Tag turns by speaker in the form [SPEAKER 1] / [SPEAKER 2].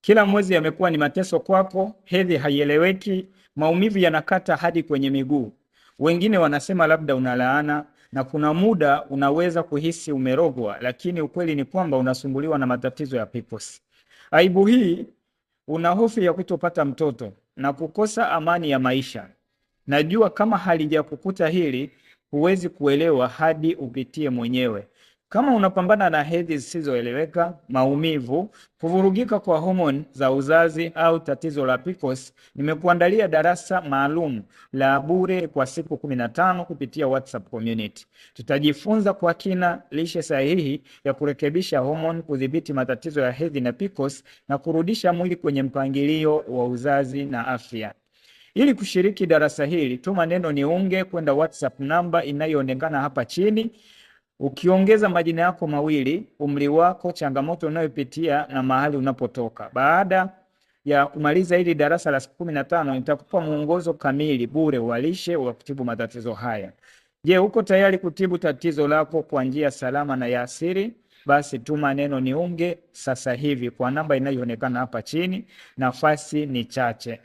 [SPEAKER 1] Kila mwezi yamekuwa ni mateso kwako, hedhi haieleweki, maumivu yanakata hadi kwenye miguu. Wengine wanasema labda unalaana na kuna muda unaweza kuhisi umerogwa, lakini ukweli ni kwamba unasumbuliwa na matatizo ya PCOS. Aibu hii, una hofu ya kutopata mtoto na kukosa amani ya maisha. Najua kama halijakukuta hili, huwezi kuelewa hadi upitie mwenyewe. Kama unapambana na hedhi zisizoeleweka, maumivu, kuvurugika kwa homoni za uzazi au tatizo la PCOS, nimekuandalia darasa maalum la bure kwa siku kumi na tano kupitia WhatsApp community. Tutajifunza kwa kina lishe sahihi ya kurekebisha homoni, kudhibiti matatizo ya hedhi na PCOS na kurudisha mwili kwenye mpangilio wa uzazi na afya. Ili kushiriki darasa hili, tuma neno niunge kwenda WhatsApp namba inayoonekana hapa chini ukiongeza majina yako mawili, umri wako, changamoto unayopitia na mahali unapotoka. Baada ya kumaliza hili darasa la siku kumi na tano nitakupa mwongozo kamili bure wa lishe wa kutibu matatizo haya. Je, uko tayari kutibu tatizo lako kwa njia salama na ya asili? Basi tuma neno niunge sasa hivi kwa namba inayoonekana hapa chini. Nafasi ni chache.